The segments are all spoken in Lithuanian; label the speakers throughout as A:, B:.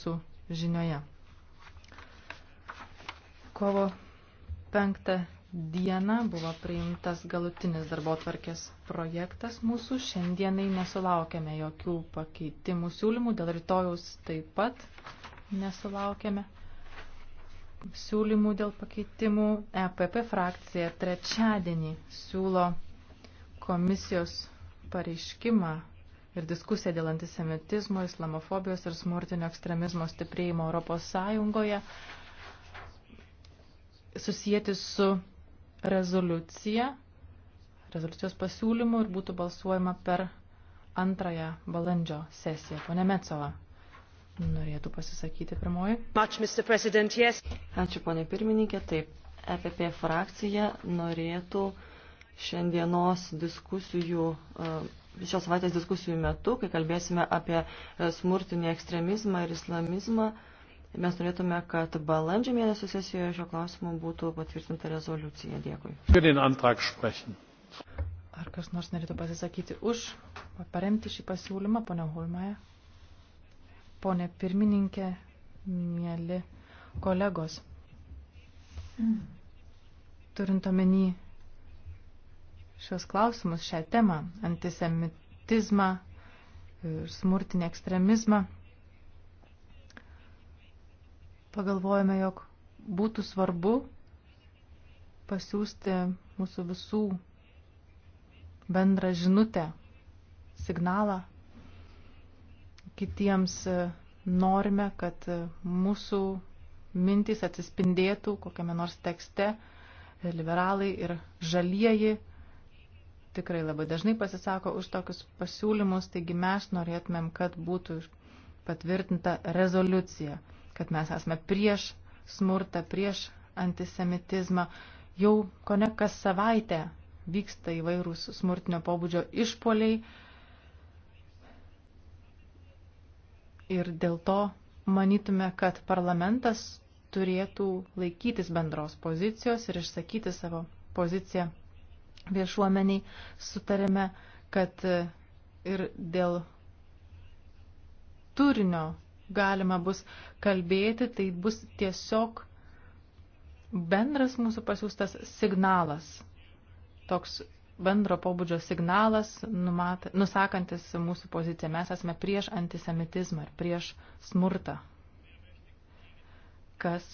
A: su žinioje. Kovo 5 dieną buvo priimtas galutinis darbo tvarkės projektas mūsų. Šiandienai nesulaukėme jokių pakeitimų siūlymų, dėl rytojaus taip pat nesulaukėme siūlymų dėl pakeitimų. EPP frakcija trečiadienį siūlo komisijos pareiškimą ir diskusija dėl antisemitizmo, islamofobijos ir smurtinio ekstremizmo stiprėjimo Europos Sąjungoje susijęti su rezoliucija, rezoliucijos pasiūlymu ir būtų balsuojama per antrąją balandžio sesiją. Pone Mecova, norėtų
B: pasisakyti pirmoji. Much, Mr. President, yes. Ačiū, ponė pirmininkė. Taip, EPP frakcija norėtų šiandienos diskusijų uh, šios savaitės diskusijų metu, kai kalbėsime apie e, smurtinį ekstremizmą ir islamizmą, mes norėtume, kad balandžio mėnesio sesijoje šio klausimo būtų patvirtinta rezoliucija. Dėkui. Ar kas nors norėtų pasisakyti
A: už, paremti šį pasiūlymą, ponia Holmaja? Pone pirmininkė, mėly kolegos, turint omeny šios klausimus, šią temą - antisemitizmą ir smurtinį ekstremizmą, pagalvojame, jog būtų svarbu pasiūsti mūsų visų bendrą žinutę, signalą kitiems e, norime, kad e, mūsų mintys atsispindėtų kokiame nors tekste e, liberalai ir žalieji tikrai labai dažnai pasisako už tokius pasiūlymus, taigi mes norėtumėm, kad būtų patvirtinta rezoliucija, kad mes esame prieš smurtą, prieš antisemitizmą. Jau kone kas savaitę vyksta įvairūs smurtinio pobūdžio išpoliai ir dėl to manytume, kad parlamentas turėtų laikytis bendros pozicijos ir išsakyti savo poziciją viešuomeniai sutarėme, kad e, ir dėl turinio galima bus kalbėti, tai bus tiesiog bendras mūsų pasiūstas signalas, toks bendro pobūdžio signalas, numat, nusakantis mūsų poziciją. Mes esame prieš antisemitizmą ir prieš smurtą. Kas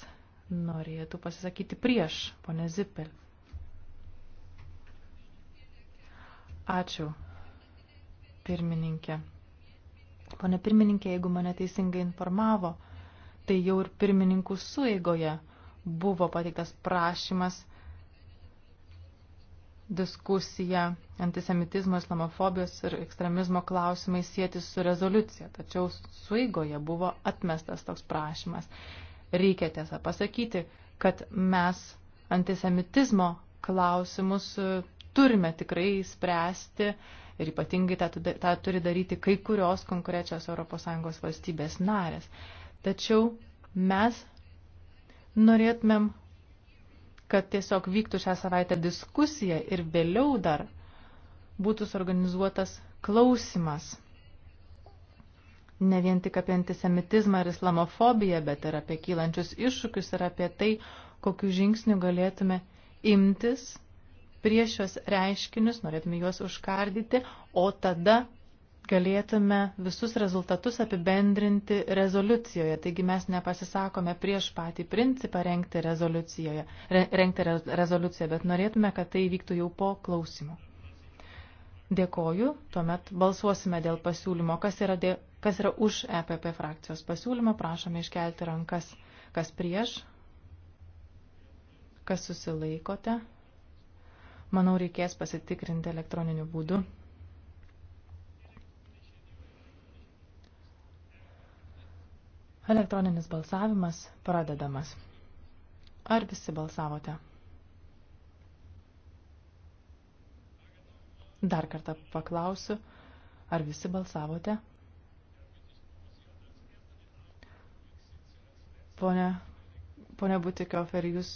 A: norėtų pasisakyti prieš, ponė Zipel? Ačiū, pirmininkė. Pone pirmininkė, jeigu mane teisingai informavo, tai jau ir pirmininkų sueigoje buvo pateiktas prašymas diskusiją antisemitizmo, islamofobijos ir ekstremizmo klausimai sieti su rezoliucija, tačiau sueigoje buvo atmestas toks prašymas. Reikia tiesą pasakyti, kad mes antisemitizmo klausimus turime tikrai spręsti ir ypatingai tą, tą turi daryti kai kurios konkrečios ES valstybės narės. Tačiau mes norėtumėm, kad tiesiog vyktų šią savaitę diskusija ir vėliau dar būtų suorganizuotas klausimas. Ne vien tik apie antisemitizmą ir islamofobiją, bet ir apie kylančius iššūkius ir apie tai, kokiu žingsniu galėtume imtis prieš šios reiškinius, norėtume juos užkardyti, o tada galėtume visus rezultatus apibendrinti rezoliucijoje. Taigi mes nepasisakome prieš patį principą rengti, rezoliucijoje, re, rengti re, rezoliuciją, bet norėtume, kad tai vyktų jau po klausimų. Dėkoju, tuomet balsuosime dėl pasiūlymo. Kas yra, dė, kas yra už EPP frakcijos pasiūlymą, prašome iškelti rankas. Kas prieš? Kas susilaikote? manau, reikės pasitikrinti elektroniniu būdu. Elektroninis balsavimas pradedamas. Ar visi balsavote? Dar kartą paklausiu, ar visi balsavote? Pone, pone Butikiofer, jūs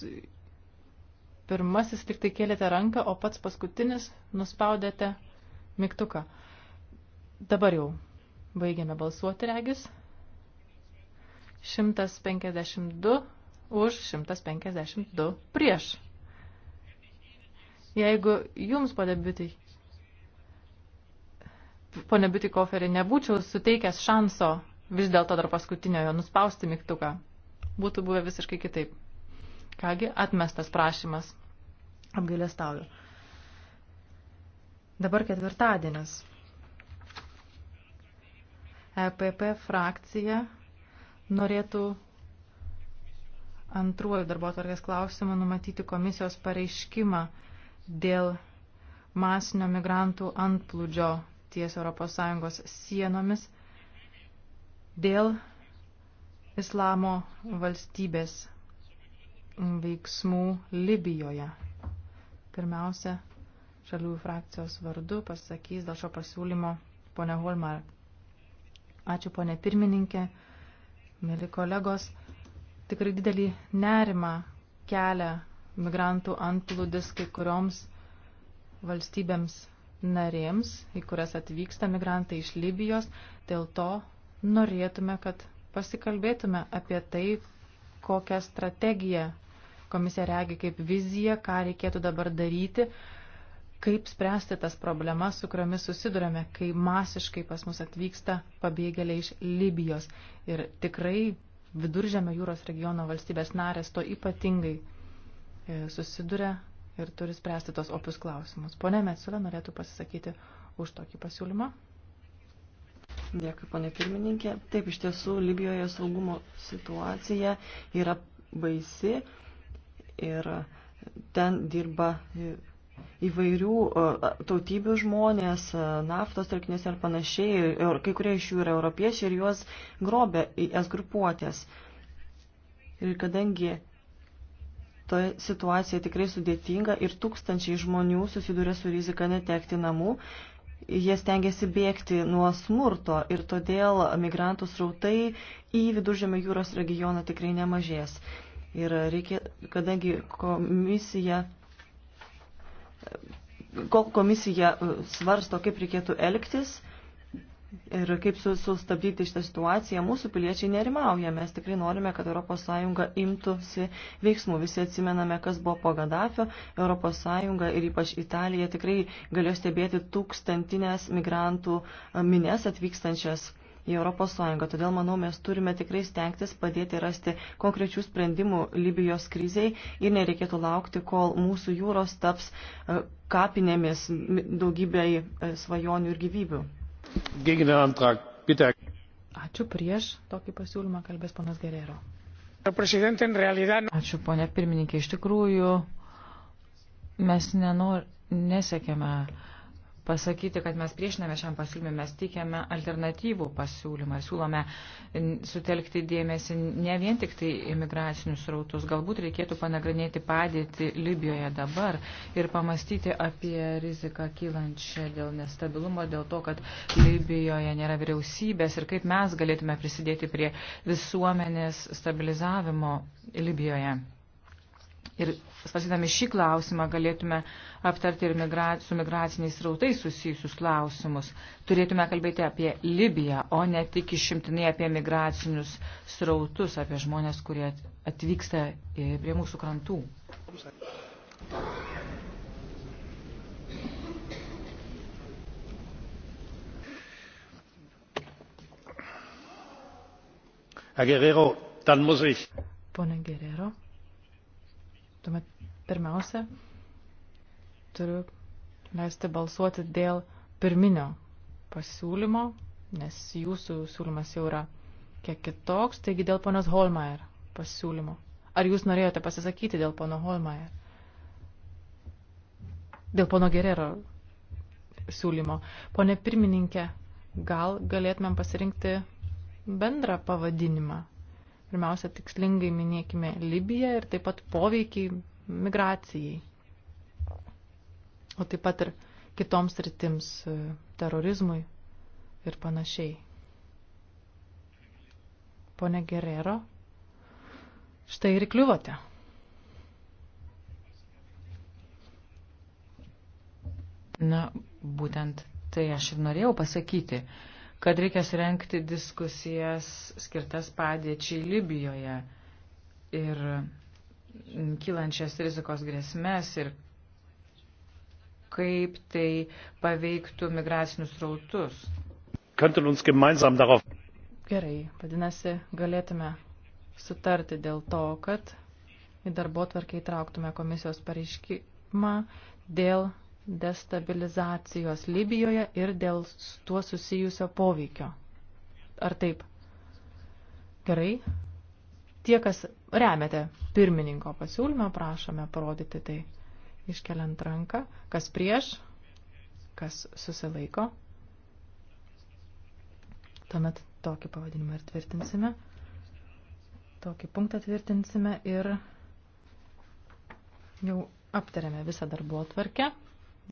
A: pirmasis tik tai kėlėte ranką, o pats paskutinis nuspaudėte mygtuką. Dabar jau baigiame balsuoti regis. 152 už 152 prieš. Jeigu jums, pone Biutai, pone Biutai koferį, nebūčiau suteikęs šanso vis dėlto dar paskutiniojo nuspausti mygtuką, būtų buvę visiškai kitaip. Kągi, atmestas prašymas. Apgailestauju. Dabar ketvirtadienis. EPP frakcija norėtų antruoju darbotvarkės klausimu numatyti komisijos pareiškimą dėl masinio migrantų antplūdžio ties ES sienomis dėl islamo valstybės veiksmų Libijoje. Pirmiausia, šalių frakcijos vardu pasakys dėl šio pasiūlymo ponia Holmar. Ačiū ponia pirmininkė, mėly kolegos. Tikrai didelį nerimą kelia migrantų antplūdis kai kurioms valstybėms narėms, į kurias atvyksta migrantai iš Libijos. Dėl to norėtume, kad pasikalbėtume apie tai, kokią strategiją komisija regi kaip viziją, ką reikėtų dabar daryti, kaip spręsti tas problemas, su kuriomis susidurėme, kai masiškai pas mus atvyksta pabėgėliai iš Libijos. Ir tikrai viduržėme jūros regiono valstybės narės to ypatingai e, susiduria ir turi spręsti tos opius klausimus. Pone Metsula norėtų pasisakyti už tokį
B: pasiūlymą. Dėkui, ponė pirmininkė. Taip, iš tiesų, Libijoje saugumo situacija yra baisi ir ten dirba įvairių tautybių žmonės, naftos telkinės ir panašiai, ir kai kurie iš jų yra europiečiai ir juos grobia į es grupuotės. Ir kadangi toje situacija tikrai sudėtinga ir tūkstančiai žmonių susiduria su rizika netekti namų, jie stengiasi bėgti nuo smurto ir todėl migrantų srautai į viduržėmio jūros regioną tikrai nemažės. Ir reikia, kadangi komisija, kol komisija e, svarsto, kaip reikėtų elgtis ir kaip sustabdyti šitą situaciją, mūsų piliečiai nerimauja. Mes tikrai norime, kad ES imtųsi veiksmų. Visi atsimename, kas buvo po Gaddafio. ES ir ypač Italija tikrai galėjo stebėti tūkstantinės migrantų e, mines atvykstančias į ES. Todėl, manau, mes turime tikrai stengtis padėti rasti konkrečių sprendimų Libijos kriziai ir nereikėtų laukti, kol mūsų jūros taps e, kapinėmis daugybei e, svajonių ir gyvybių. Ačiū prieš tokį pasiūlymą kalbės
C: ponas Gerero. Ačiū, ponė pirmininkė. Iš tikrųjų, mes nenor, nesiekėme uh, pasakyti, kad mes priešiname šiam pasiūlymui, mes teikiame alternatyvų pasiūlymą ir siūlome sutelkti dėmesį ne vien tik tai imigracinius rautus. Galbūt reikėtų panagrinėti padėtį Libijoje dabar ir pamastyti apie riziką kylančią dėl nestabilumo, dėl to, kad Libijoje nėra vyriausybės ir kaip mes galėtume prisidėti prie visuomenės stabilizavimo Libijoje. Ir svarstydami šį klausimą galėtume aptarti ir migra su migraciniais rautais susijusius klausimus. Turėtume kalbėti apie Libiją, o ne tik išimtinai apie migracinius srautus, apie žmonės, kurie atvyksta e, prie mūsų krantų. Herr Guerrero, dann muss ich.
A: Pone Guerrero, Tuomet pirmiausia, turiu leisti balsuoti dėl pirminio pasiūlymo, nes jūsų siūlymas jau yra kiek kitoks, taigi dėl ponios Holmeier pasiūlymo. Ar jūs norėjote pasisakyti dėl pono Holmeier? Dėl pono Gerero siūlymo. Pone pirmininkė, gal galėtumėm pasirinkti bendrą pavadinimą Pirmiausia, tikslingai minėkime Libiją ir taip pat poveikiai migracijai. O taip pat ir kitoms rytims e, terorizmui ir panašiai. Pone Gerero,
C: štai ir kliuvote. Na, būtent tai aš ir norėjau pasakyti. Uh, kad reikia surenkti diskusijas skirtas padėčiai Libijoje ir kylančias rizikos grėsmės ir kaip tai paveiktų migracinius rautus.
A: Gerai, vadinasi, galėtume sutarti dėl to, kad į darbo tvarkį įtrauktume komisijos pareiškimą dėl destabilizacijos Libijoje ir dėl tuo susijusio poveikio. Ar taip? Gerai. Tie, kas remiate pirmininko pasiūlymą, prašome parodyti tai iškeliant ranką. Kas prieš, kas susilaiko. Tuomet tokį pavadinimą ir tvirtinsime. Tokį punktą tvirtinsime ir jau aptarėme visą darbo tvarkę.